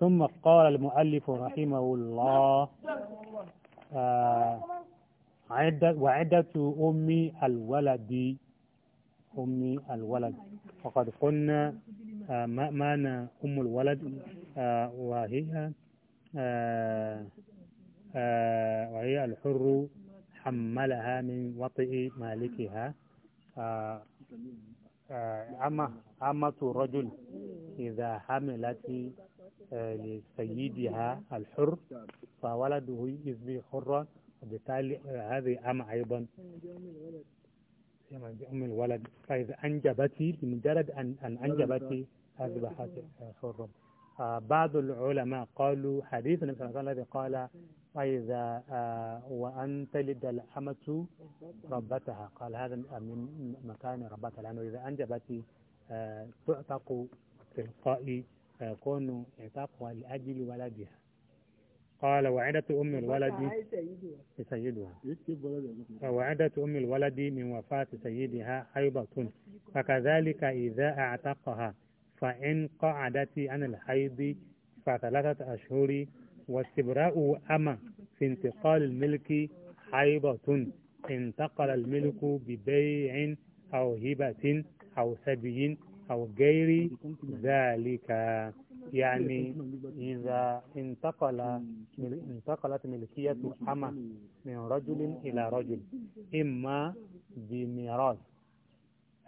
ثم قال المؤلف رحمه الله آه عدة وعدة أمي الولد أمي الولد وقد قلنا آه ما معنى أم الولد آه وهي آه، آه، وهي الحر حملها من وطئ مالكها آه، آه، أما أما رجل إذا حملت آه، لسيدها الحر فولده يصبح حرا وبالتالي آه، هذه أم أيضا أم الولد فإذا أنجبت لمجرد أن أنجبت أصبحت حرا بعض العلماء قالوا حديث النبي صلى الله عليه وسلم الذي قال فإذا آه، وأن تلد الأمة ربتها قال هذا من مكان ربتها لأنه إذا أنجبت آه، تعتق تلقاء آه، كون اعتاقها لأجل ولدها قال وعدة أم الولد سيدها وعدة أم الولد من وفاة سيدها حيضة فكذلك إذا أعتقها فإن قعدت عن الحيض فثلاثة أشهر واستبراء أما في انتقال الملك حيضة انتقل الملك ببيع أو هبة أو سبي أو غير ذلك يعني إذا انتقل انتقلت ملكية أما من رجل إلى رجل إما بميراث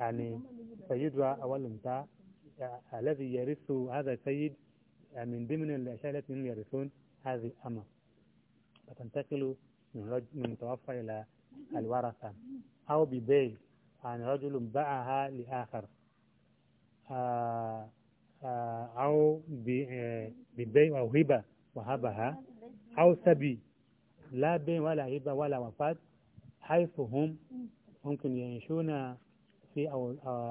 يعني سيدها أول انتهى الذي يرث هذا السيد من ضمن الأشياء التي يرثون هذه الأمة فتنتقل من رجل من متوفى إلى الورثة أو ببيع عن يعني رجل باعها لآخر آه، آه، أو آه، ببيع أو هبة وهبها أو سبي لا بين ولا هبة ولا وفاة حيث هم ممكن يعيشون في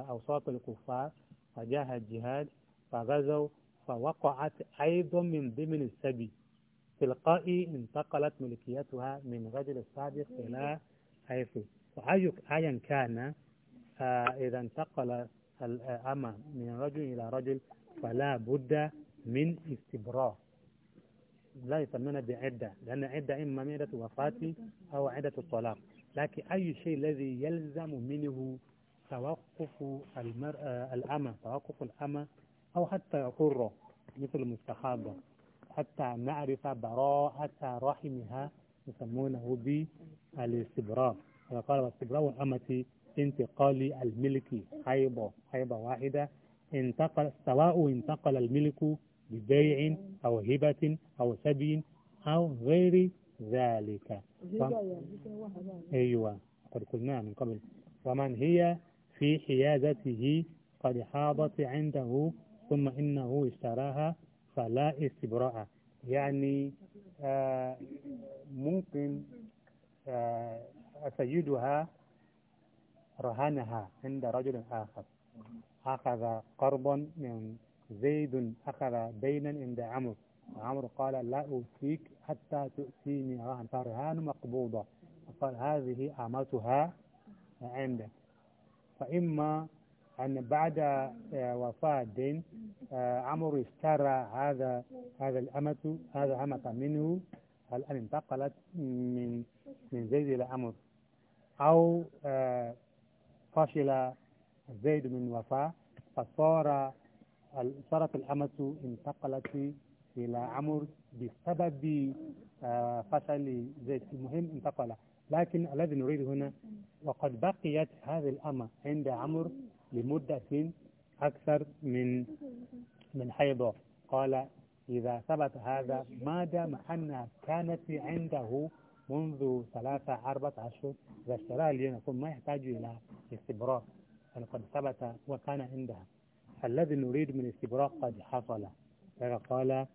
أوساط الكفار فجاه الجهاد فغزوا فوقعت أيضا من ضمن السبي تلقائي انتقلت ملكيتها من رجل السابق إلى حيث فأي أيا كان آه، إذا انتقل الأمة من رجل إلى رجل فلا بد من استبراء لا يسمونها بعدة لأن عدة إما عدة وفاة أو عدة الطلاق لكن أي شيء الذي يلزم منه توقف المرأة الأمة توقف الأمة أو حتى يقر مثل المستخابة حتى نعرف براءة رحمها يسمونه بالاستبراء قال الاستبراء الأمة انتقال الملك حيبة حيبة واحدة انتقل سواء انتقل الملك ببيع أو هبة أو سبي أو غير ذلك ف... يعني، أيوة قد قلناها من قبل ومن هي في حيازته قد حاضت عنده ثم إنه اشتراها فلا استبراء يعني آه ممكن آه سيدها رهنها عند رجل آخر أخذ قرضا من زيد أخذ دينا عند عمرو عمرو قال لا أوفيك حتى تؤتيني رهن فرهان مقبوضة قال هذه أمتها عندك فإما أن بعد آه، وفاة الدين آه، عمرو اشترى هذا هذا الأمة هذا أمة منه الآن انتقلت من من زيد إلى عمرو أو آه، فشل زيد من وفاة فصار صارت الأمة انتقلت إلى عمرو بسبب فشل زيد المهم انتقل لكن الذي نريد هنا وقد بقيت هذه الأمة عند عمرو لمدة أكثر من من حيضه قال إذا ثبت هذا ما دام أنها كانت عنده منذ ثلاثة أربعة أشهر إذا اشتراها لي نقول ما يحتاج إلى استبراء يعني قد ثبت وكان عندها الذي نريد من استبراء قد حصل قال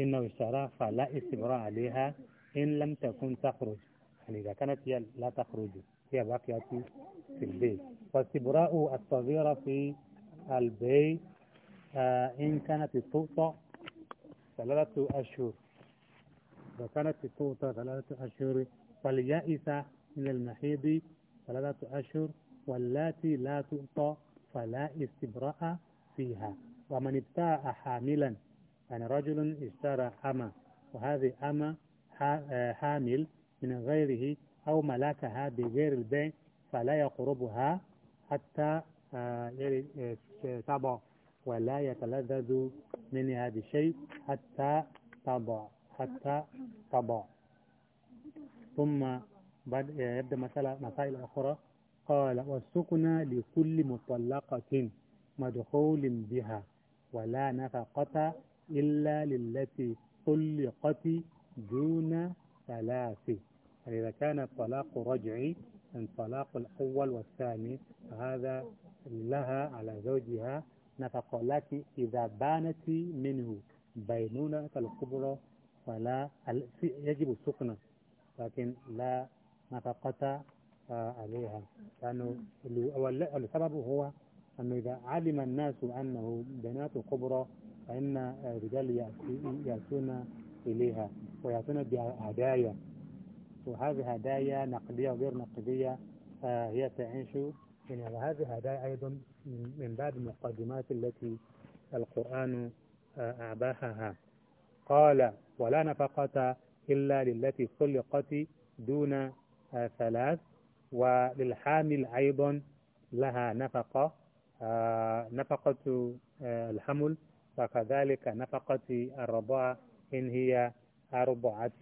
إنه اشتراها فلا استبراء عليها إن لم تكن تخرج يعني إذا كانت هي لا تخرج هي باقية في البيت واستبراء الصغيرة في البيت آه إن كانت التوطة ثلاثة أشهر إذا كانت التوطة ثلاثة أشهر فاليائسة من المحيض ثلاثة أشهر واللاتي لا تؤطى فلا استبراء فيها ومن ابتاع حاملا يعني رجل اشترى أما وهذه أما آه، حامل من غيره أو ملكها بغير البيع فلا يقربها حتى آه، يعني، آه، تضع ولا يتلذذ منها بشيء حتى تضع حتى تضع ثم بعد آه، يبدأ مسألة مسائل أخرى قال والسكن لكل مطلقة مدخول بها ولا نفقة إلا للتي طلقت دون ثلاث يعني إذا كان الطلاق رجعي الطلاق الأول والثاني فهذا لها على زوجها نفقة لكن إذا بانت منه بينونة الكبرى فلا يجب السكنة لكن لا نفقة آه، عليها لأنه السبب هو أنه إذا علم الناس أنه بنات كبرى فإن الرجال آه، يأتون إليها ويأتون بهدايا وهذه هدايا نقدية وغير نقدية آه، هي تعيش يعني وهذه هدايا أيضا من بعد المقدمات التي القرآن آه، أعباهها قال ولا نفقة إلا للتي خلقت دون آه، ثلاث وللحامل أيضا لها نفقة نفقة الحمل وكذلك نفقة الرضاعة إن هي أربعة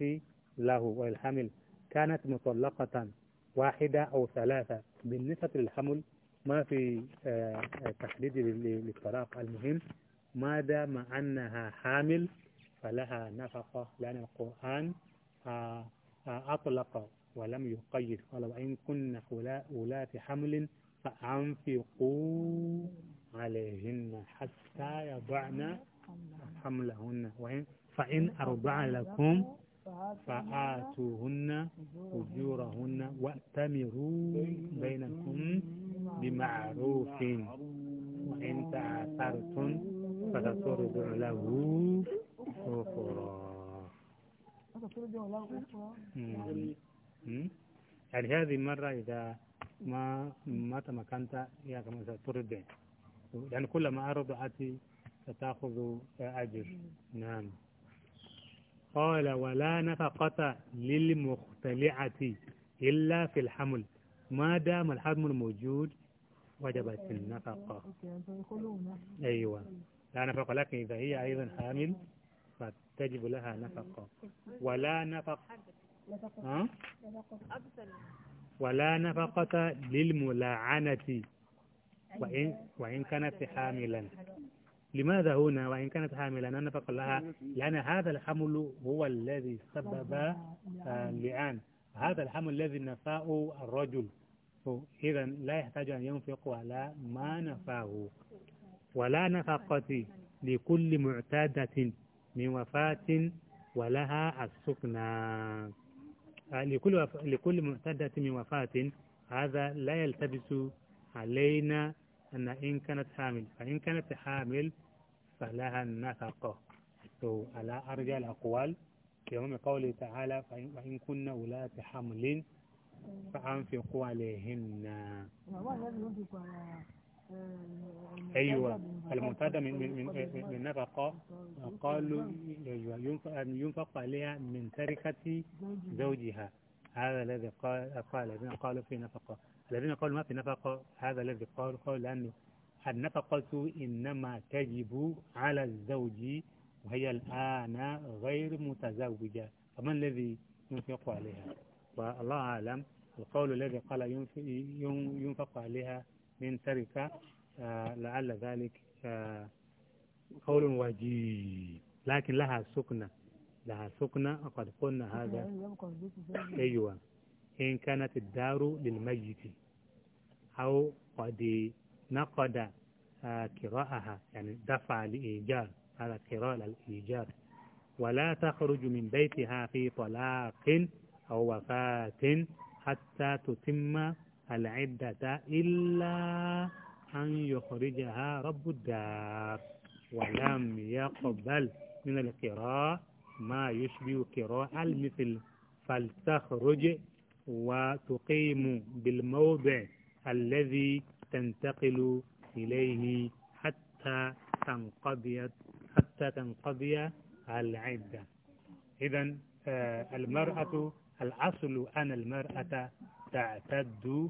له والحمل كانت مطلقة واحدة أو ثلاثة بالنسبة للحمل ما في آه، آه، تحديد للطلاق المهم ما دام أنها حامل فلها نفقة لأن القرآن آه، أطلق ولم يقيد قال وإن كن أولاة حمل فأنفقوا عليهن حتى يضعن حملهن وإن فإن أرضع لكم فآتوهن أجورهن وأتمروا بينكم بمعروف وإن تعثرتم فسترجع له أخرى يعني هذه المرة إذا ما ما تمكنت يا كما سترجع يعني كلما أتي ستأخذ أجر نعم قال ولا نفقة للمختلعة إلا في الحمل ما دام الحمل موجود وجبت أيوة. النفقة أيوة لا نفقة لكن إذا هي أيضا حامل فتجب لها نفقة ولا نفقة ها؟ ولا نفقة للملاعنة أيوة. وإن, وإن كانت حاملا أيوة. لماذا هنا وإن كانت حاملا أنا بقول لها لأن هذا الحمل هو الذي سبب آه، اللعان هذا الحمل الذي نفاه الرجل إذا لا يحتاج أن ينفق على ما نفاه ولا نفقة لكل معتادة من وفاة ولها السكنى آه، لكل وف... لكل معتادة من وفاة هذا لا يلتبس علينا أن إن كانت حامل فإن كانت حامل فلها النفقة على أرجع الأقوال يوم قوله تعالى فإن كن ولا حمل فأنفقوا عليهن أيوة المتادة من من من من نفقة قالوا ينفق عليها من تركة زوجها هذا الذي قال قال قالوا في نفقة الذين قالوا ما في نفقة هذا الذي قال قال لأنه النفقة إنما تجب على الزوج وهي الآن غير متزوجة فمن الذي ينفق عليها والله أعلم القول الذي قال ينفق عليها من تركة آه، لعل ذلك آه، قول وجيه لكن لها سكنة لها سكنة وقد قلنا هذا أيوة إن كانت الدار للميت أو قد نقد آه، قراءها يعني دفع لإيجاب هذا قراءة الإيجار ولا تخرج من بيتها في طلاق أو وفاة حتى تتم العدة إلا أن يخرجها رب الدار ولم يقبل من القراء ما يشبه قراءة المثل فلتخرج وتقيم بالموضع الذي تنتقل إليه حتى تنقضي حتى تنقضي العدة إذا آه، المرأة الأصل أن المرأة تعتد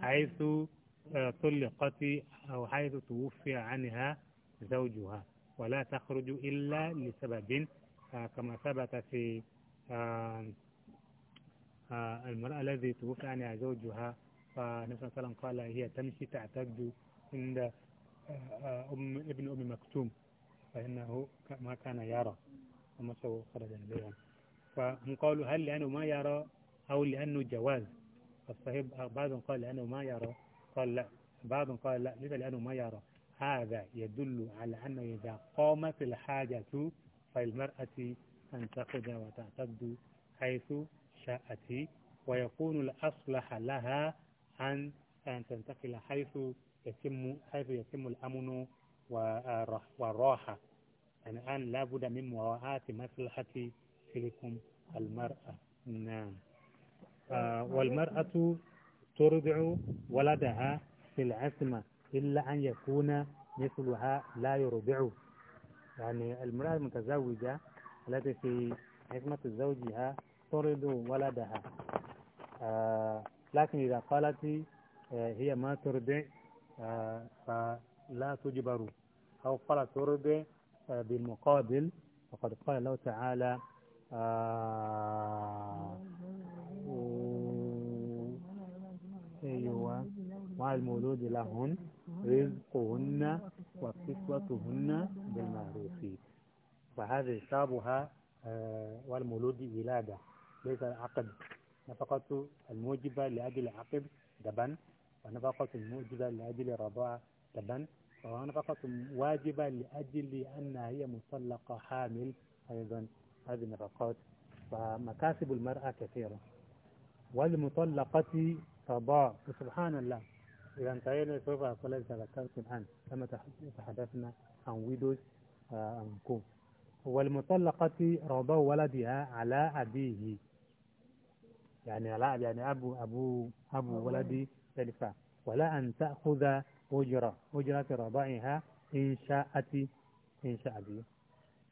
حيث آه، طلقت أو حيث توفي عنها زوجها ولا تخرج إلا لسبب آه، كما ثبت في المرأة الذي توفي عنها زوجها فالنبي صلى الله عليه وسلم قال هي تمشي تعتد عند آه، آه، أم ابن أم مكتوم فإنه ما كان يرى ومسه خرج إليهم فهم قالوا هل لأنه ما يرى أو لأنه جواز الصحيح آه، بعض قال لأنه ما يرى قال لا بعض قال لا ليس لأنه ما يرى هذا يدل على أنه إذا قامت الحاجة فالمرأة تنتقد وتعتد حيث شاءت ويكون الأصلح لها عن أن تنتقل حيث يتم حيث يتم الأمن والراحة يعني الآن لابد من مراعاة مصلحة تلكم المرأة نعم آه والمرأة ترضع ولدها في العصمة إلا أن يكون مثلها لا يرضع يعني المرأة المتزوجة التي في عصمة زوجها ترضع ولدها آه لكن إذا قالت آه، هي ما ترد آه، فلا تجبر أو قالت ترد آه، بالمقابل وقد قال الله تعالى أيوة مع المولود لهن رزقهن وكسوتهن بالمعروف فهذه حسابها والمولود ولادة ليس عقد نفقة الموجبة لأجل عقب دبن ونفقة الموجبة لأجل رضاع دبن ونفقة واجبة لأجل أن هي مطلقة حامل أيضا هذه النفقات فمكاسب المرأة كثيرة والمطلقة رضاع سبحان الله إذا انتهينا سوف أقول لك ذكرت الآن كما تحدثنا عن ويدوز عن كوم والمطلقة رضا ولدها على أبيه يعني لا يعني أبو أبو أبو ولدي إيه. تلفا ولا أن تأخذ أجرة أجرة رضائها إن شاءت إن شاءت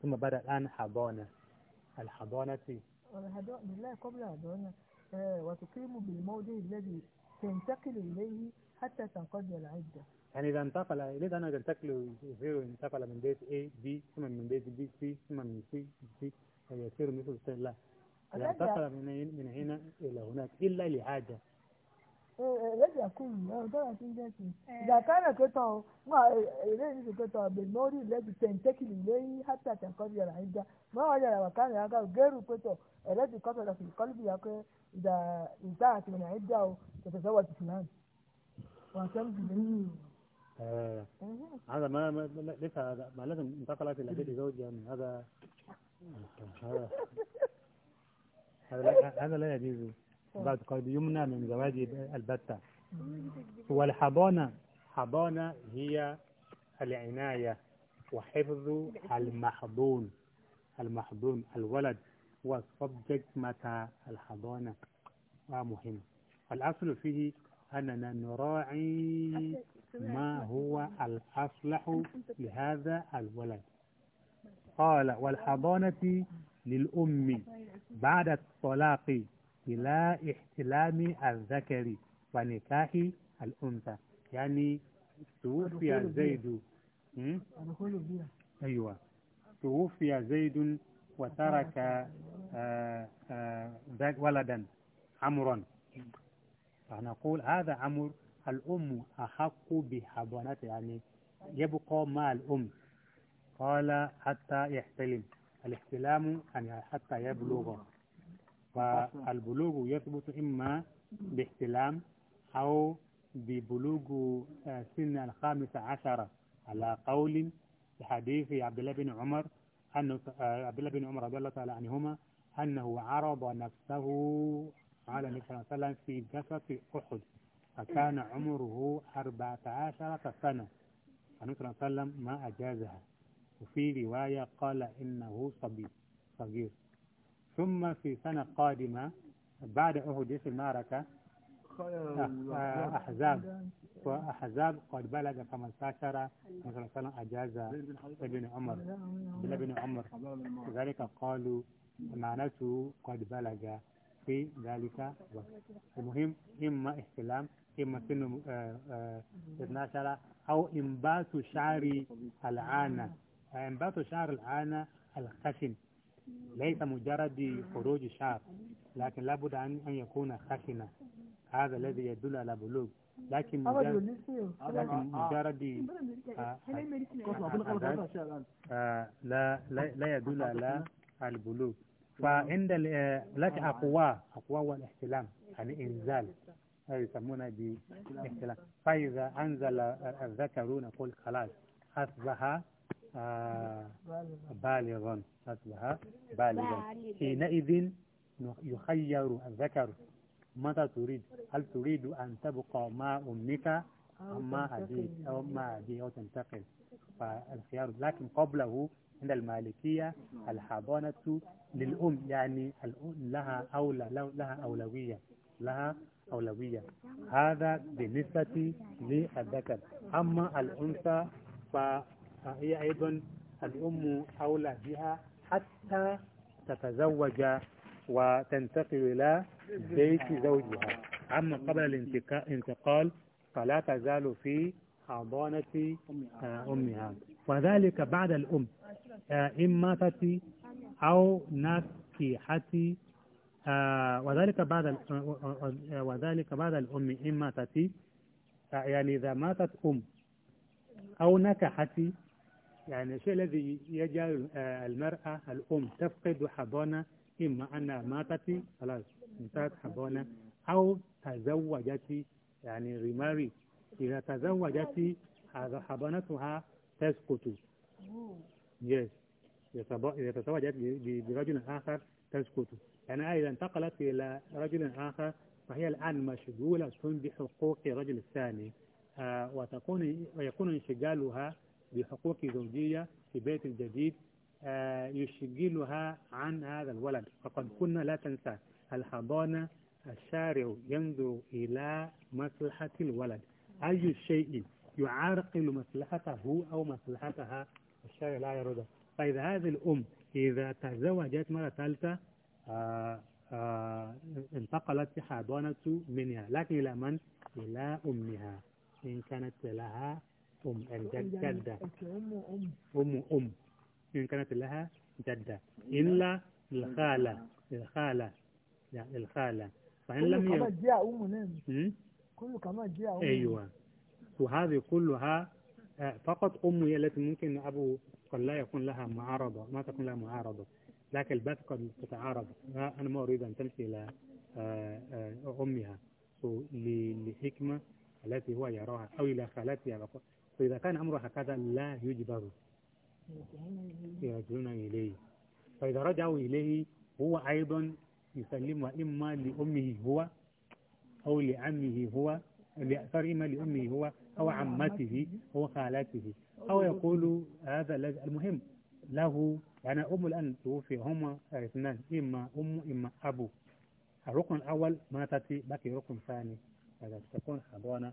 ثم بدأ الآن حضانة الحضانة بالله قبل الحضانة آه، وتقيم بالموضع الذي تنتقل إليه حتى تنقضي العدة يعني إذا انتقل ليه أنا تنتقل يصير انتقل من بيت A B ثم من بيت B C ثم من C C ويصير مثل سيد الله يعني لا انتقل من هنا إلى هناك إلا لحاجة لازم أكون إذا إيه. كان قطع ما ليس قطع بالنور الذي تنتقل إليه حتى تنقضي العدة ما وجد مكان يقع غير قطع الذي قتل في القلب يقع إذا انتهت من العدة أو فلان وتمضي آه. إيه. هذا ما ليس هذا ما لازم انتقلت الى بيت زوجها من هذا هذا هذا لا يجوز بعد قيد يمنى من زواج البتة والحضانة حضانة هي العناية وحفظ المحضون المحضون الولد هو متى الحضانة آه، مهم الأصل فيه أننا نراعي ما هو الأصلح لهذا الولد قال والحضانة للأم بعد الطلاق إلى احتلام الذكر ونكاح الأنثى يعني توفي زيد أيوة توفي زيد وترك آآ آه، آآ آه، آه، ولدا عمرا فنقول هذا عمر الأم أحق بحضانته يعني يبقى مع الأم قال حتى يحتلم الاحتلام يعني حتى يبلغ فالبلوغ يثبت إما باحتلام أو ببلوغ آه، سن الخامسة عشرة على قول حديث عبد الله بن عمر أن آه، عبد الله بن عمر رضي الله تعالى عنهما أنه عرض نفسه على النبي صلى الله عليه وسلم في جسد أحد فكان عمره 14 سنة النبي صلى الله عليه وسلم ما أجازها وفي رواية قال إنه صبي صغير ثم في سنة قادمة بعد أهد في المعركة أحزاب وأحزاب قد بلغ 15 مثلا أجازة ابن عمر ابن عمر ذلك قالوا معناته قد بلغ في ذلك الوقت المهم إما احتلام إما سن 12 آه، آه، أو إنبات شعر العانة انبات شعر الآن الخشن ليس مجرد خروج الشعر لكن لابد أن يكون خشنا هذا الذي يدل على بلوغ لكن مجرد آه. يعني آه، لا لا يدل على البلوغ فعند آه، لك أقوى أقوى والاحتلام يعني إنزال يسمونه بالاحتلام فإذا أنزل الذكرون قل خلاص أصبح بالغ آه، بالغا بالغ بالغا حينئذ يخير الذكر ماذا تريد هل تريد أن تبقى مع أمك أم مع أبيك أو مع أبي أو تنتقل فالخيار لكن قبله عند المالكية الحضانة للأم يعني الأم لها أولى لها أولوية لها أولوية هذا بالنسبة للذكر أما الأنثى ف فهي أيضا الأم أولى بها حتى تتزوج وتنتقل إلى بيت زوجها أما قبل الانتقال فلا تزال في حضانة آه، أمها وذلك بعد الأم إن ماتت أو آه، نكحت وذلك بعد وذلك بعد الأم إن ماتت يعني إذا ماتت أم أو نكحت يعني الشيء الذي يجعل آه، المرأة الأم تفقد حضانة إما أنها ماتت خلاص انتهت حضانة أو تزوجت يعني رماري إذا تزوجت حضانتها تسقط يس إذا تزوجت برجل آخر تسقط يعني إذا انتقلت إلى رجل آخر فهي الآن مشغولة بحقوق الرجل الثاني آه وتكون ويكون انشغالها بحقوق زوجية في بيت الجديد آه، يشغلها عن هذا الولد فقد كنا لا تنسى الحضانة الشارع ينظر إلى مصلحة الولد أي شيء يعرقل مصلحته أو مصلحتها الشارع لا يرده فإذا طيب، هذه الأم إذا تزوجت مرة ثالثة آه، آه، انتقلت حضانة منها لكن إلى من؟ إلى أمها إن كانت لها أم يعني الجدة يعني أم أم أم إن كانت لها جدة إلا الخالة الخالة لا الخالة فإن لم أم كما كل كما جاء أم أيوة وهذه كلها آه، فقط أم هي التي ممكن أبو قد لا يكون لها معارضة ما تكون لها معارضة لكن البث قد تتعارض أنا ما أريد أن تمشي إلى آه، آه، أمها لحكمة التي هو يراها أو إلى خالتها فإذا كان أمره هكذا لا يجبر يرجعون إليه فإذا رجعوا إليه هو أيضا يسلم إما لأمه هو أو لعمه هو لأثر إما لأمه هو أو عمته أو خالته أو يقول هذا المهم له يعني أم الآن توفي هما اثنان إما أم إما أبو الركن الأول ماتت بقي ركن ثاني هذا تكون حضانة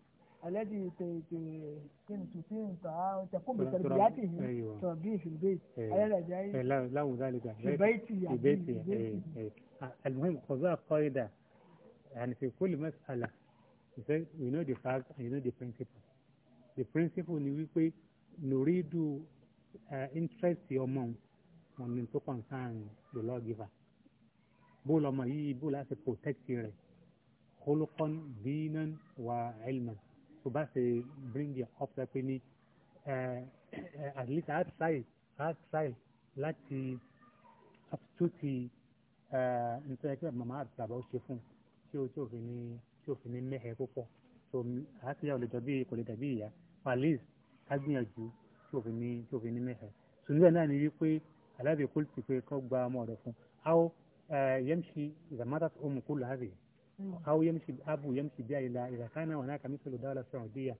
alladhi tutinu takumu tarbiyatihi tarbiya fil bayt ala jai lahu المهم خذوها قاعدة يعني في كل مسألة you say we know the fact and you know the principle the principle ni wípé nuridu uh, eh, interest ọmọ ọ̀nà tó concern the lawgiver bó lọmọ yìí bó láti protect rẹ̀ khuluqan dinan wa ilman tó bá ṣe bring your up ṣe pé eh, at least hard side hard side láti substitute eh, nítorí pé màmá àti bàbá ó ṣe fún tí o tí o fi ní tí o fi ní mẹ́hẹ̀ púpọ̀ so àti ìyá olùjọ bí kò lè dàbí ìyá at least ká gbìyànjú tí o fi ní tí o fi ní mẹ́hẹ̀ sùnúwẹ̀ náà ni wípé alábẹ̀kọ́ ti pé kọ́ gba ọmọ rẹ̀ fún how yẹn ṣe ìdàmátà tó mú kó láàbẹ̀ yìí. أو يمشي أبو يمشي بها إلى إذا كان هناك مثل دولة سعودية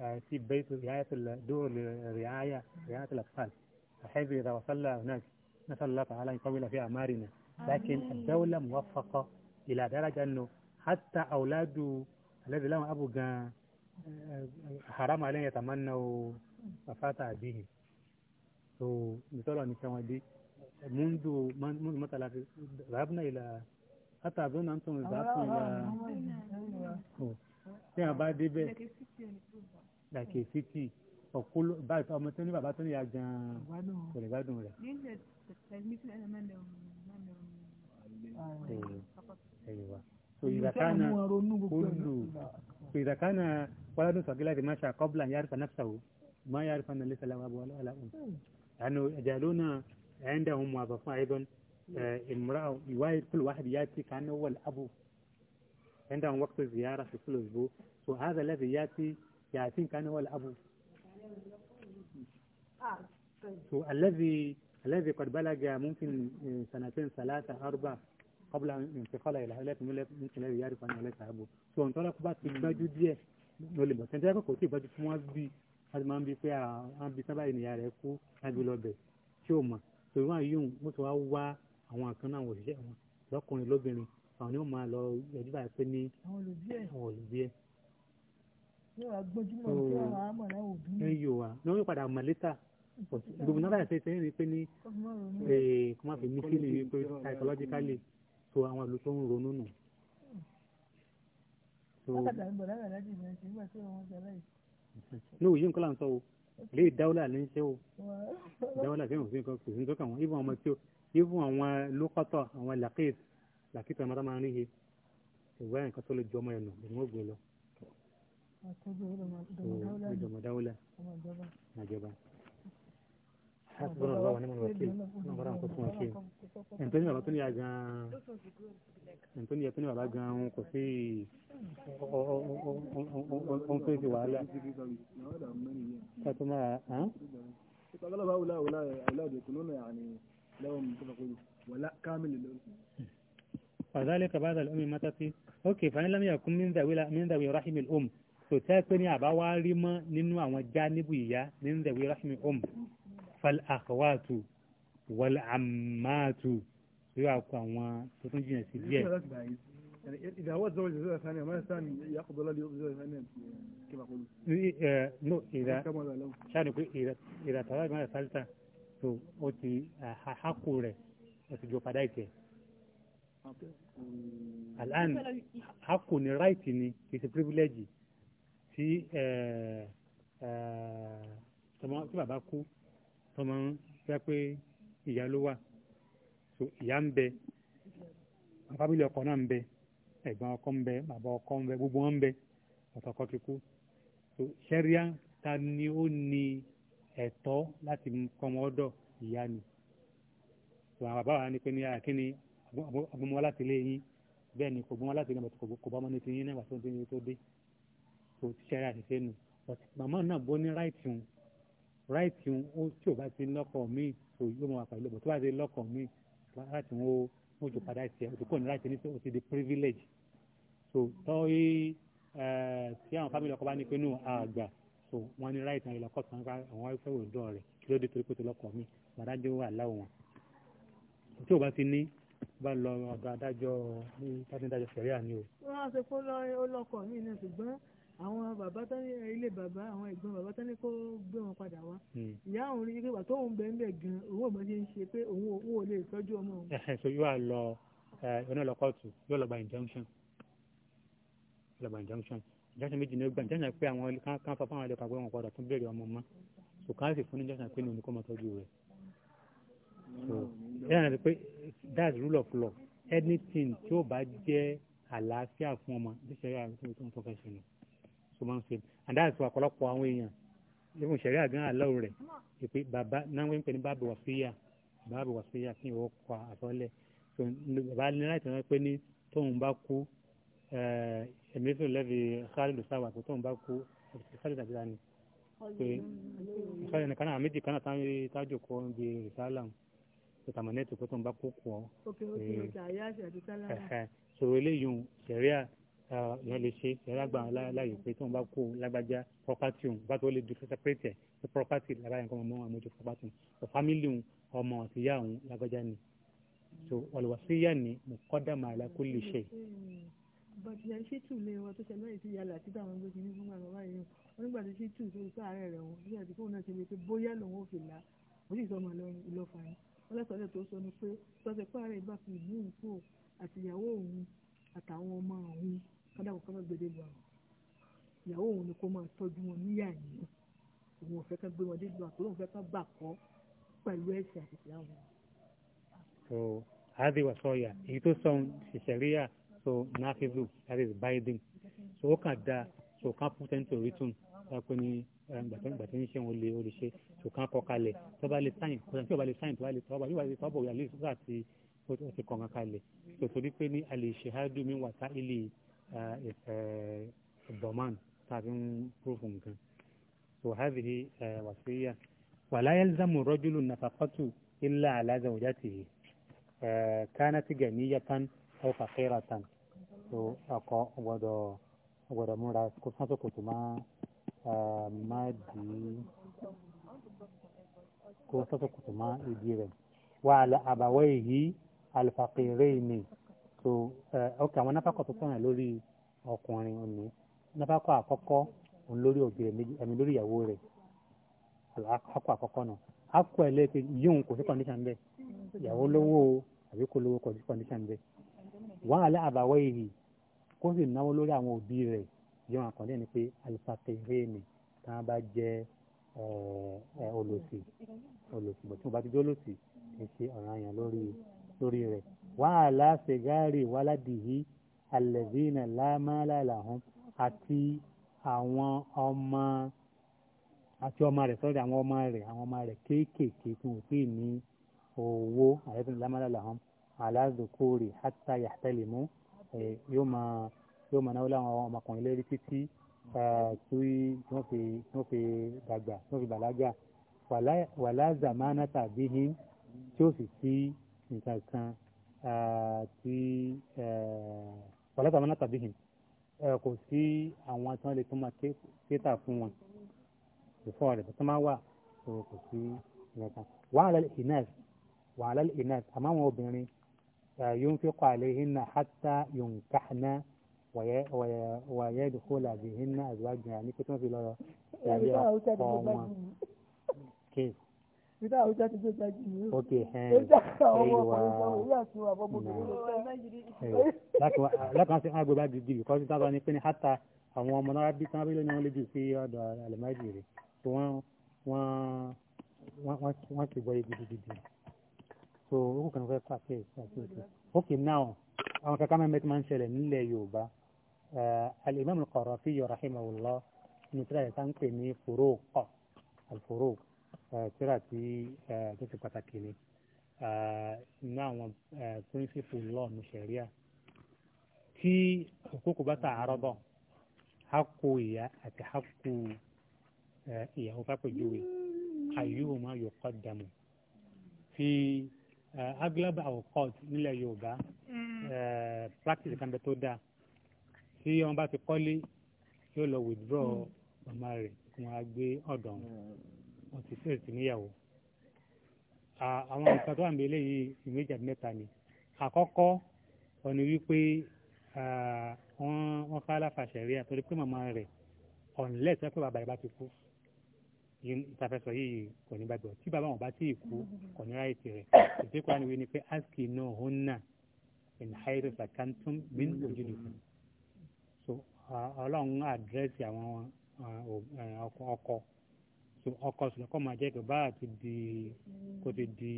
آه، في بيت رعاية الدور الرعاية رعاية الأطفال بحيث إذا وصلنا هناك نسأل الله تعالى أن يطول في أعمارنا لكن الدولة موفقة إلى درجة أنه حتى أولاده الذي لهم أبو آه، حرام عليهم يتمنوا وفاة أبيهم so أن منذ منذ مثلا ذهبنا إلى látàdún náà tún ah, ìgbà tún ìyá ah, ah, tí a bá débẹ̀ dàkè sítì ọ̀kúlò báyìí ọmọ tó ní bàbá tó ní ìyá gan-an kò lè gbádùn rẹ̀. ìdàkánà kúlù ìdàkánà wàládùn sọ̀gílá ti máa ṣe àkọ́bùlà yàrá fanáfsàwò máa yàrá fanáfsàwò lẹ́sàlá wà bọ́ wàlá hmm. àlàkùn. àná ìjàlónà ẹ̀ ń dà wọn mú àbọ̀ fún àyẹ̀dọ́nù. آه، المرأة يوايد كل واحد يأتي كأنه هو الأب عندهم وقت زيارة في كل أسبوع وهذا الذي يأتي يأتي كأنه هو الأب الذي الذي قد بلغ ممكن سنتين ثلاثة أربعة قبل انتقاله إلى هؤلاء من ممكن الذي يعرف أن هؤلاء أبوه سو انطلق بعد تبادو دية نولي بس انت يقول كوتي بادو فمواز بي هذا ما أمبي فيها أمبي سبا إن يعرفه هذا بي شو ما سوى يوم هو àwọn kan náà wò ṣiṣẹ́ wọn lọ́kùnrin lóbìnrin àwọn yóò máa lọ yọjú báyìí pé ní àwọn olùbí ẹ̀. yóò wá gbójúmọ̀ sí àwọn àmọ̀ náà òbí mi. yóò wá ní wọ́n padà mọ̀ lẹ́tà gbogbo náà báyìí pé ní pé ní kó má fi mí nǹkan là ń sọ o lè dáwọ́lá lè ń o dáwọ́lá fi hàn nǹkan kò sí nǹkan kàn wọ́n ibà ọmọ tí o even àwọn lókọ́tọ̀ àwọn làkìt làkìt àwọn ọmọdé máa ń ríhe ìwé nǹkan tó lè jọ ọmọ ẹnu ìwé ògbé lọ. ìjọmọdáwọlá àjọba. Hasbọ̀nà lọ́wọ́ ní mọ̀lẹ́ kí wọ́n bára nǹkan fún ọ̀ṣẹ́. Ẹ̀ntọ́ni bàbá tó ní àgàn Ẹ̀ntọ́ni bàbá tó ní bàbá gan kò sí ọ̀hún tó ti wàhálà. Ká tó máa. Ìpàgọ́lọ́ bá wùlá wùlá àìláàdì kùnú náà àní lọ́wọ́ mi tó kọ́ wọ́lá kámìlì lọ́wọ́. وذلك بعد الأم ماتت أوكي فإن لم يكن من ذوي من ذوي رحم الأم tòtẹ́ pé ní àbáwá rí mọ́ nínú àwọn já níbù ìyá ní ìdẹ̀wé rahmi um falakawatu walamatu tí ó kọ àwọn tó tún jìnà sí díẹ̀. ìdáwọ́ zọ́wọ́ ìzọ́wọ́ ìfẹ́ ni ọmọ ẹ̀sán ni ìyá kò dọ́lá ní ìzọ́wọ́ ìfẹ́ ni kí bá kọlu. ṣáà ni pé ìrẹ̀tàwá ìmọ̀ ẹ̀sán so ó ti àhákù rẹ̀ ó ti jọpadà ìtẹ̀. alan àhákù ni right ni kì ṣe privilege tí tí bàbá kú tọmọ ń fẹ́ pé ìyá ló wà so ìyá ń bẹ fábílì ọkọ náà ń bẹ ẹ̀gbọ́n ọkọ ń bẹ bàbá ọkọ ń bẹ gbogbo wọn ń bẹ ọ̀tọ̀kọ ti kú so sẹ́ríà ta ni ó ní ẹ̀tọ́ láti kọ́mọ ọ̀dọ̀ ìyá ni àwọn bàbá wa ni pé ní àkíní agbọmọwá láti lé yín bẹ́ẹ̀ ni kò gbọmọ láti lé bàtí kò bá mọ́ ní ti yín nígbà tó ń tó dé tó ti ṣẹ́ra àṣìṣe nù but màmá náà bó ní ráìtì òun ráìtì òun ó tí ò bá ti lọ́kọ̀ míì tó yóò mọ̀ àpàlẹ́ bọ̀ tó bá ti lọ́kọ̀ míì láti òun ó mú jù padà tiẹ̀ òtún kò ní ráìtì ní pé ti di privilege so tọ́ yí eh, tí àwọn fámìlì ọkọ bá ní pé nù àgbà so wọ́n ní ráìtì àwọn ìlọ́kọ̀ kan ká àwọn afẹ́ òdò rẹ̀ kí ló dé torí pé tó lọ́kọ̀ mi adájọ́ wà láwọn tí o bá ti ní bá lọ ọ̀dọ̀ adájọ́ ní tàbí adájọ́ sẹ̀ríà ni o. wọ́n á ṣe kó lọ́kọ̀ mi náà ṣùgbọ́n àwọn bàbá tán ní ilé bàbá àwọn ẹ̀gbọ́n bàbá tán ní kó gbé wọn padà wá. Hmm. ìyá òun rí pé bàtọ́ òun bẹ́ẹ̀ bẹ́ẹ̀ gan òun ò mọ̀ ń ṣe pé òun ò lè tọ́jú ọmọ òun. so yóò wá lọ onílọ̀kọ̀tù yóò lọ gba injunction jọ́sìn méjì ní ogbà jọ́sìn pé àwọn kan fọ́ fáwọn ẹlẹ́kọ̀ọ́ pé wọn padà tún bẹ̀rẹ̀ ọmọ mọ́ kò ká sì fún ní jọ́sìn pé ní omi kọ́ máa tọ́jú rẹ̀ so ẹ̀yà náà pé that's rule of law anything tí ó bá jẹ́ àlàáfíà fún ọmọ bí sẹ́rí àwọn tó ń fọkàn sí ni so máa ń ṣe and that's why ọ̀pọ̀lọpọ̀ àwọn èèyàn even sẹ́rí àgán àlọ́ rẹ̀ pé bàbá náà wọ́n ń pè ní báàbù wàsíyà báàbù wàsíyà fún ìwọ́ kọ àtọ́lẹ̀ so bàbá ní láti rán pé ní tóun bá kú Eh, ẹ̀mí tó lẹ́bi Khalid sáwà tó tó ń bá kú Khalid àti dání pé Khalid nìkan náà méjì kan náà tájò kọ́ ń bi rìsálà tòtàmọ́nẹ́tì tó tó ń bá kú kú ọ́. Eh, sọ̀rọ̀ eléyìí sẹ̀ríà èèyàn lè ṣe ẹ̀rọ àgbà láàyè pé tóun bá kó lágbájá property òun bá tó lè dùn separate ẹ̀ tó property lágbájá nǹkan ọmọ àmójú property òun ọ̀ family òun ọmọ àtìyá òun lágbájá ni so ọ̀lùwàsíyà ni mo kọ́dà máa la kó lè ṣe bọ́tí ẹ ṣí tù lé wọn tó ṣe lẹ́yìn tí yàrá tí táwọn gbé ti ní fún àwọn báyìí wọn nígbà tí ṣí tù tó sọ àárẹ̀ rẹ̀ wọn bí àti fóun náà ṣe lè pe bóyá lòun ò fi là ó sì sọmọ lọrin ìlọfà ni wọn lẹsọọlẹ tó sọ ni pé tọ́sẹ̀ pààrẹ̀ ìgbà fi ìlú òun àtìyàwó òun àtàwọn ọmọ òun kádàkùn kọ́mọ́ gbèdébọ̀ àwọn ìyàwó òun ni kó máa tọ́jú wọn níyà yìí òun so nafidu that is binding so ó kàn da so kàn put into written ẹ̀pẹ́ ní gbàtí ń ṣe wọn lè ó lè ṣe so kàn kọ kalẹ̀ tó bá lè sign kò tí ò bá lè sign tó bá lè tọ́ bá yóò bá lè tọ́ bọ̀ yà lè sọ́kà àti ó ti kọ̀ọ̀kan kalẹ̀ so torí pé ní alẹ́ ìṣèhádùn mi wà sá ilé tàbí ń prove nǹkan so hadhihi wasiya wala yalzamu rajulun nafaqatu illa ala zawjatihi kanat ganiyatan أو فقيرة تو أقا ودا ودا مرا كوساتو كتما ما دي كوساتو كتما يديره وعلى أبويه الفقيرين تو أوكي أنا فقط تكون لوري ọkùnrin òní nàbàkọ àkọ́kọ́ òun lórí òbí rẹ̀ méjì ẹ̀mí lórí ìyàwó rẹ̀ akọ àkọ́kọ́ náà akọ ẹlẹ́ẹ̀kẹ́ yíyún kò sí kọ́ndíṣàn bẹ́ẹ̀ ìyàwó lówó àbí kò lówó kò sí kọ́ndíṣàn bẹ́ẹ̀ wàhálà àbáwọ́ èyí kó sì náwó lórí àwọn òbí rẹ̀ yọ̀n àkàndé ni pé alifatireni tí wọ́n bá jẹ́ olòṣì olòṣì bọ̀ tí wọ́n bá ti jẹ́ olòṣì kì í ṣe ọ̀ràn àyàn lórí lórí rẹ̀ wàhálà ṣègárì wàládìhí alẹ́bínà lámàlàlàhún àti àwọn ọmọ àti ọmọ rẹ̀ sọ́dọ̀ àwọn ọmọ rẹ̀ àwọn ọmọ rẹ̀ kéékèèké tí wọ́n ní owó àyẹ̀fẹ́ lámàlàlàhún aláàzùkúrì hátà yàtẹ̀lẹ̀mú yóò máa náwó láwọn ọmọkùnrin lérí títí tí wọ́n fi dàgbà tí wọ́n fi bàlágà wàláàzà máa ná tàbí hin tí ó sì sí nǹkan kan tí wàláàzà máa ná tàbí hin kò sí àwọn tí wọ́n lè tún máa kéta fún wọn ìfọ́ rẹ̀ tó máa wà kò sí nǹkan wàhálà ìnáàs wàhálà ìnáàs àmọ́ àwọn obìnrin. ينفق عليهن حتى ينكحن ويدخل بهن أزواج يعني كتب في لورا يعني قوما كيف Bídá àwùjọ ti gbé gbájú mi. Ok ẹn. Ó dáka ọmọ ọmọ ìwé àti ọmọ obìnrin ló fẹ́. Lákan sí máa gbé báàgì gidi kọ́sí sábà ní pé ní hátà àwọn ọmọ náírà bí sábà lónìí wọn lè jù sí ọ̀dọ̀ àlùmáàjì rẹ̀. Wọ́n wọ́n wọ́n ti gbọ́ yé gidigidi so ó kàn fẹ́ pàkíyèsí àkíyèsí okay now àwọn kankan máa ń bẹ́ẹ̀ tí máa ń ṣẹlẹ̀ nílẹ̀ yorùbá uh, al-imam al-qarafi rahimahullah ní tíra yẹn sáńpẹ̀ ní furuq al-furuq uh, tíra tí uh, tó ti pàtàkì ni ní àwọn píríncípù law ní sẹ̀ríà tí òkúkú bá ta'arada hakku ìyá àti hakku ìyàwó pápẹ́jọ́wé ayyuhuma yuqaddamu fi aglab awokot nílẹ̀ yorùbá mm. practice kan bẹ tó dáa tí wọn bá ti kọ́lé yóò lọ withdraw màmá rẹ̀ kí wọ́n á gbé ọ̀dọ̀ wọn mm. ti fẹ́ẹ̀ sí níyàwó. àwọn nǹkan tó wà nílé yìí ìméjà mẹ́ta ni àkọ́kọ́ wọn ni wípé wọ́n wọ́n kálá fàṣẹ̀rí àtọ́jú pé màmá rẹ̀ unless ẹ bàbá rẹ̀ bá ti kú ìtafẹsọ yìí kò ní gbàgbọ́ tí bàbá wọn bá tí ì kú kò ní ráyè tirẹ̀ ìdíkọ àníwé ni pé aski náà hún náà in hayre sakantum bin ojúlù so ọlọ́run àdírẹ́sì àwọn eh, ọkọ so ọkọ sùn kọ́ máa jẹ́ kó bá àti di kó ti di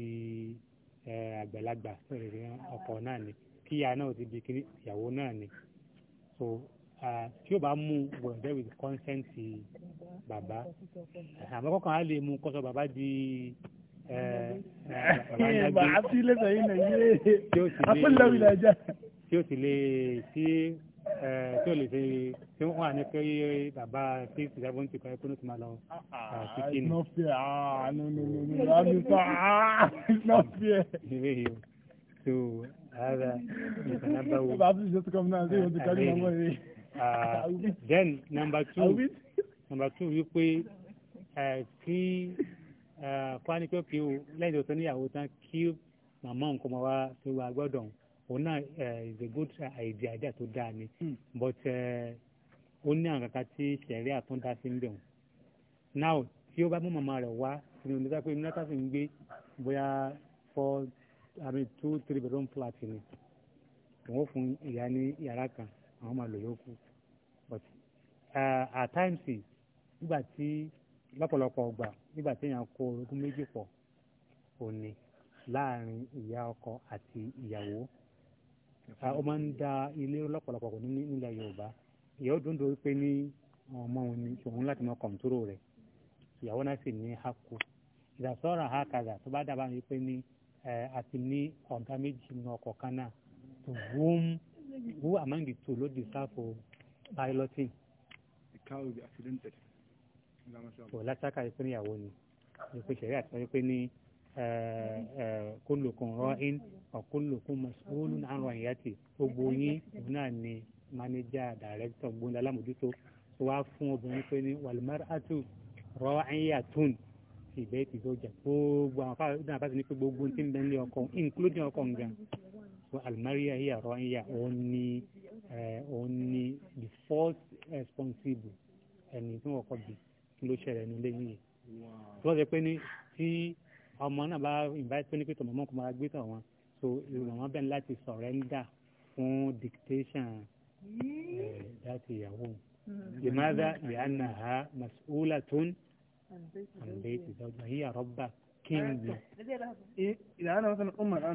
eh, àgbàlagbà ọkọ náà ni kíyà náà ti di ìyàwó náà ni so tí ó bá mú gbọ̀dọ̀ jẹ́ with consent bàbá àmọ́ kọ́kàn á lè mú kọ́sọ bàbá di tí ó sì lè tí tí ó lè ṣe tí wọ́n wà ní pé bàbá six seven ti kọ́ kúrò tí máa lọ títí ni. nọ́ọ̀fẹ́ àá no no no no láti sọ àá nọ́ọ̀fẹ́. so náà ṣé o ti kárí ah, ọmọ yìí. Ah, then number two number two wípé eh, kí eh, pánipẹ́ kí o lẹ́yìn tó tó níyàwó tán kí màmá nǹkan máa wá tó wá gbọ́dọ̀ òun náà eh, is a good idea idea tó dáa ni hmm. but ó ní àwọn kankan tí sẹ̀rí àtúndá sí ń bẹ̀ now tí ó bá mú màmá rẹ̀ wá sínú ìdíjà pé nígbà tá a ń gbé bóyá four i mean two three bedroom flat ni òun ó fún ìyá ní yàrá kan àwọn máa lò yókù but uh, at times nígbà tí lọ́pọ̀lọpọ̀ ọgbà nígbà tí èèyàn kó orogún méjì pọ̀ òní láàrin ìyá ọkọ àti ìyàwó uh, ó máa ń da ilé lọ́pọ̀lọpọ̀ kò ní nílẹ̀ yorùbá ìyàwó dundun wípé ní ọmọ òun ni òun láti mọ kọ̀ǹtúrò rẹ̀ ìyàwó náà sì ní hako ìdàsọ́ra ha kàdà tó bá dábàá wípé ní àti uh, ní ọ̀gá méjì nínú ọkọ̀ kan náà to whom who among the two ló deserve for piloting. ìkáwé bí accidented. wò látàkà ìpín ìyàwó ni ìpín ìṣẹ̀rí àti wọ́n pé ní kólókun rọ́ìn ọ̀kólókun mọ̀sùlùmí náà rọ̀ ìyàtì gbogbo yín òun náà ni mánéjà dàrẹ́tọ̀ gbóńdà alámòjútó tó wá fún obìnrin pé ní wàlúmárì àtù rọ́ìn yàtún ìbẹ́ẹ̀tì tó jẹ gbogbo àwọn afáàdùn àbáṣe ní pé gbogbo tí ń bẹ́ńlẹ̀ ọkọ̀ including ọkọ̀ nǹkan almaria yìí àrọ yìí only ni òun the first responsible ẹni tí wọ́n kọ́ bí kí ló ṣẹlẹ̀ nílé yìí tí wọ́n sọ pé ní tí ọmọ náà bá invite pé ní pé tọmọmọ kò máa gbé tọ̀ wọn so ìrànwọ́ bẹ́ẹ̀ láti surrender fún dictation láti ìyàwó lèmádà lèánà ha masuula tún àmbẹ́tì dọ́gba yìí àrọ́bà kí n bí. ìlànà wọn sọ ní ọmọ náà.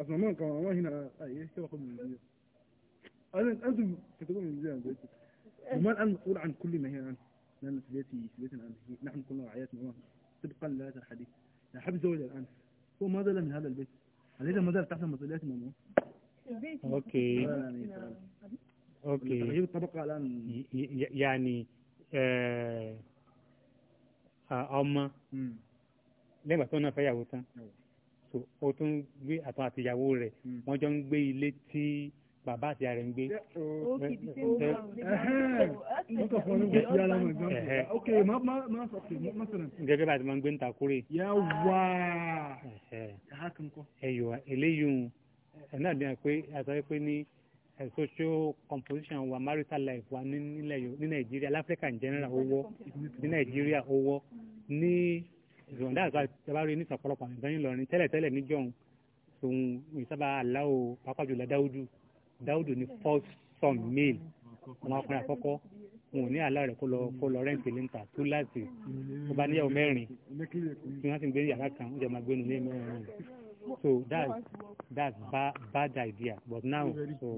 أصلا ما هنا أي كذا قبل الميزان أنا أنتم تقولون الميزان وما الآن مسؤول عن كل ما هي عنه لأن في بيتي في بيتنا الآن نحن كلنا رعايات معاه طبقا لهذا الحديث حب زوج الآن هو ماذا من هذا البيت هل إذا مازال تحت مسؤوليات معاه أوكي أوكي تغيير الطبقة الآن يعني أما لما كنا فيها وطن أيوة. so ó tún gbé àtọ́ àti ìyàwó rẹ̀ hmm. wọ́n jọ ń gbé ilé tí bàbá àti ààrẹ ń gbé. gẹ́gẹ́ bá a ti máa ń gbé ń ta kúrè. ẹyọ eléyìí ẹ náà dín pé àtọ́ pé ní social composition wa marital life wa ní nàìjíríà láfíríkà in general owó ní nàìjíríà owó hmm. ní ìrọ̀ǹda àgbà ìjọba rí ní sọ̀pọ̀lọpọ̀ àwọn ìgbẹ́yìn lọ́rin tẹ́lẹ̀tẹ́lẹ̀ níjọ́un tòun ìsábà aláwo pápá jùlọ dáúdù dáúdù ní first son male àwọn ọkùnrin àkọ́kọ́ wọn ò ní àlá rẹ̀ kó lọ kó lọ rẹ́ǹtì lẹ́ǹtà tó láti ó bá níyàwó mẹ́rin tí wọ́n kan ó jẹ́ máa gbénu ní mẹ́rin so that's that's bad bad idea but now so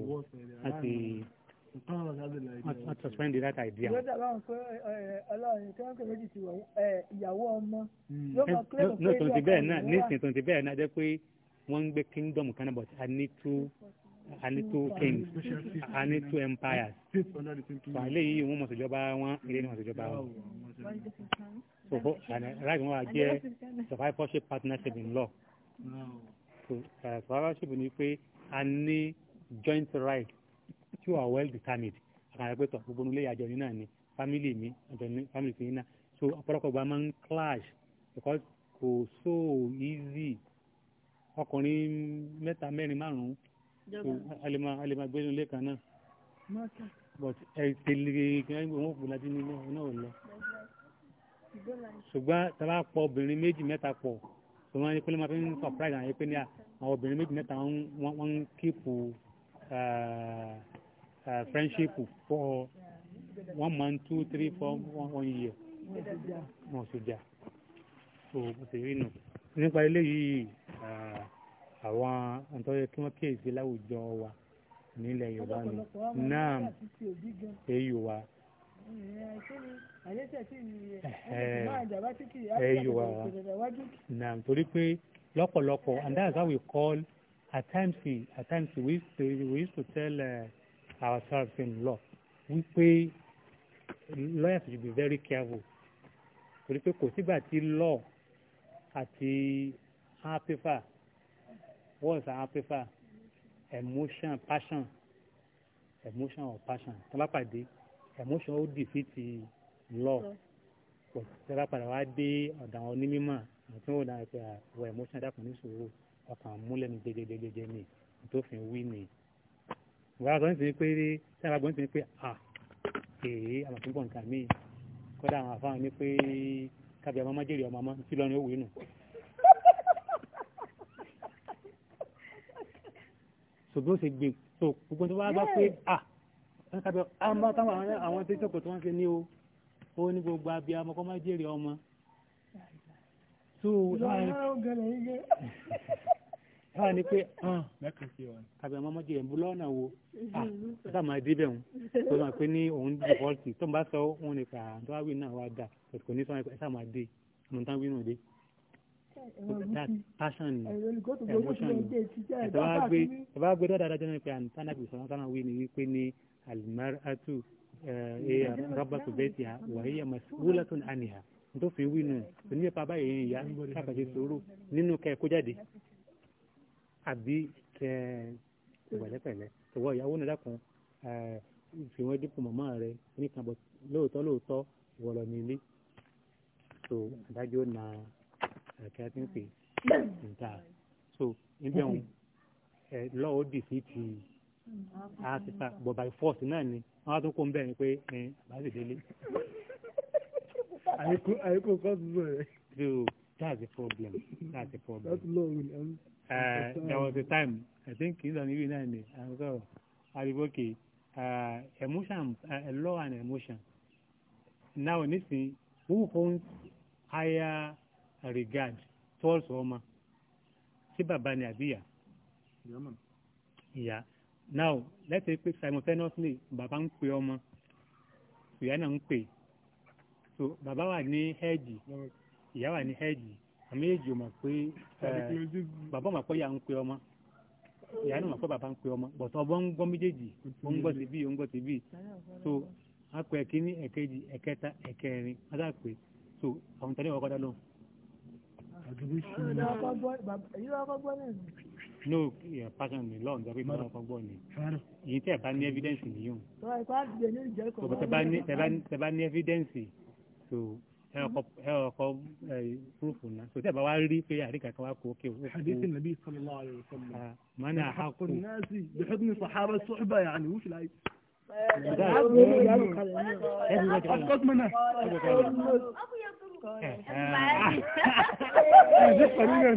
láti wọ́n suspend that idea. ìwé dàbá wọn pé ọlọ́run tí wọ́n pè méjì ti wọ̀ ìyàwó ọmọ hmm. yóò máa clear the page. tuntun bẹ́ẹ̀ náà nísìnyí tuntun bẹ́ẹ̀ náà jẹ́ pé wọ́n ń gbé kingdom kan náà but I need to I need two kings I need two empires. so àlẹ́ yìí wọ́n mọ̀ sọ̀jọba wọn ilé ni wọ́n sọ̀jọba wọn. so uh, right wọn wà jẹ́ survivorship partnership in law. so uh, survivorship ni pé a ní joint right tí wà well determined àkàrà pé tọ̀ gbogbo nílé àjọ yìí náà ni family mi àjọ ní family ti yín náà so ọ̀pọ̀lọpọ̀ máa ń clash because kò so easy ọkùnrin mẹ́ta mẹ́rin márùn-ún so alema alema gbé nílé kan náà but ẹ tẹ̀lé gan-an wọn kò láti ní náà náà lọ ṣùgbọ́n tàbá pọ̀ obìnrin méjì mẹ́ta pọ̀ so wọ́n ní kó ló máa fi ń surprise àwọn ẹgbẹ́ ní àwọn obìnrin méjì mẹ́ta wọ́n ń kíkù uh, friendship for one month two three four one, one year wọn ò sì jà so mo sì rí nù nípa eléyìí uh, àwọn àtọ́jọ kí wọ́n kíyèsí láwùjọ wa nílẹ̀ yorùbá ni náà èyí wa èyí wa náà torí pé lọ́pọ̀lọpọ̀ and that's how we call at times we at times we used to, we used to tell. Uh, ourselves in law we pay lawyers should be very careful torí pé kò sígbà tí law àti apifa words are apifa emotion passion emotion or passion tó bá pàdé emotion ó defeat law kò tó bá padà wá dé ọ̀dà àwọn onímọ̀ àti wọn ò dára pé àwọn ah, emotion dàpọ̀ ní sòwò ọkàn múlẹ̀ ní jẹjẹjẹjẹjẹ ni tó fi wí nìyí wàá sọ nítorí pé sábà gbọ́n nítorí pé à èé àmàtúbọ̀ nǹkan míì kọ́dà àwọn àfáà ní pé kábíyà máa májèrè ọmọ ọmọ tí lọ́rin òwe nù. ṣùgbọ́n ó ṣe gbé tó gbogbo tó wá gbá pé à kábíyà àmọ́ àwọn tí sọ̀kò tó wọ́n ṣe ní o ó ní gbogbo abíyà ọmọ kọ́ májèrè ọmọ. tó láàrin káà ni pé tàbí àwọn ọmọdé ẹ̀bú lọ́nà wo àtà máa dé bẹ̀rù tó máa pé ní òun dìbọ́ọ̀tì tó ń bá sọ òun ní pa àtọ́ àwì náà wá dà kò ní sọ ẹ̀ máa dé àmọ́ tá wí náà dé. that passion emotion ẹ̀tọ́ wá gbé ẹ̀tọ́ wá gbé dáadáa jẹ́ pé àǹtánà kì í sọ ọ́nà wí ni wípé ní alimárátù ẹ̀yà rọ́bàtù bẹ́ẹ̀tì à wàhíyà màsíwúlátùn àníhà tó fi wí nù oníyẹ̀pá báyìí ìyá káàkiri sòrò nínú kẹ́ẹ̀kọ́ jáde àbí tẹ pẹ̀lẹ́pẹ̀lẹ́ ìwọ ìyàwó náà dákun fi wọn dípò màmá rẹ nìkan bọ lóòótọ́ lóòótọ́ ìwọ lọ ní ilé so adájọ́ na kí a ti ń pè níta so níbẹ̀ wọn ẹ lọ́wọ́ dì sí ti àtìpá bọ̀ by force náà ni wọ́n á tún kó ń bẹ̀rẹ̀ pé ẹ bá sì délé. àyíkú àyíkú kọ́ sí sọ̀rọ̀. That's the problem. That's the problem. That's long. Uh, there was a time, I think it's on even nine days. I'm sorry. Ariboki, uh, emotion, uh, law and emotion. Now, nísìnyí, who holds higher regard towards Roma? Siba bàbá ni Yeah. Now, let's say simultaneously, bàbá ń pe yana ìyá So, bàbá wà ní hẹ́ẹ̀jì ìyá wà ní hẹ́ẹ̀dì àmì èjì ò mọ̀ pé eh, bàbá mọ̀ pé ìyá ń pe ọmọ ìyá náà mọ̀ pé bàbá ń pe ọmọ bọ̀tọ̀ ọbọ̀ ń gbọ́ méjèèjì ó ń gbọ́ sí bí ó ń gbọ́ sí bí so a pè kíní ẹ̀kejì ẹ̀kẹta ẹ̀kẹrin a dá pé so àwọn tẹ̀lé ọkọ̀ dá lóhùn. no pàṣẹ ní lọ́ọ̀ nígbà pé ìgbà ọkọ̀ gbọ́ ni yìí tẹ̀ bá ní evidence nìyóò. tẹ̀ bá ní evidence so. ẹ kọ púrúfù náà sọtí àbá wa rí pé àríkà kan wá kó kí o. hadith nabi sallallahu alayhi wa sallam. mana àhàkù. nasi bixin sahaba suhba yaani wufi laayi. أسقط منها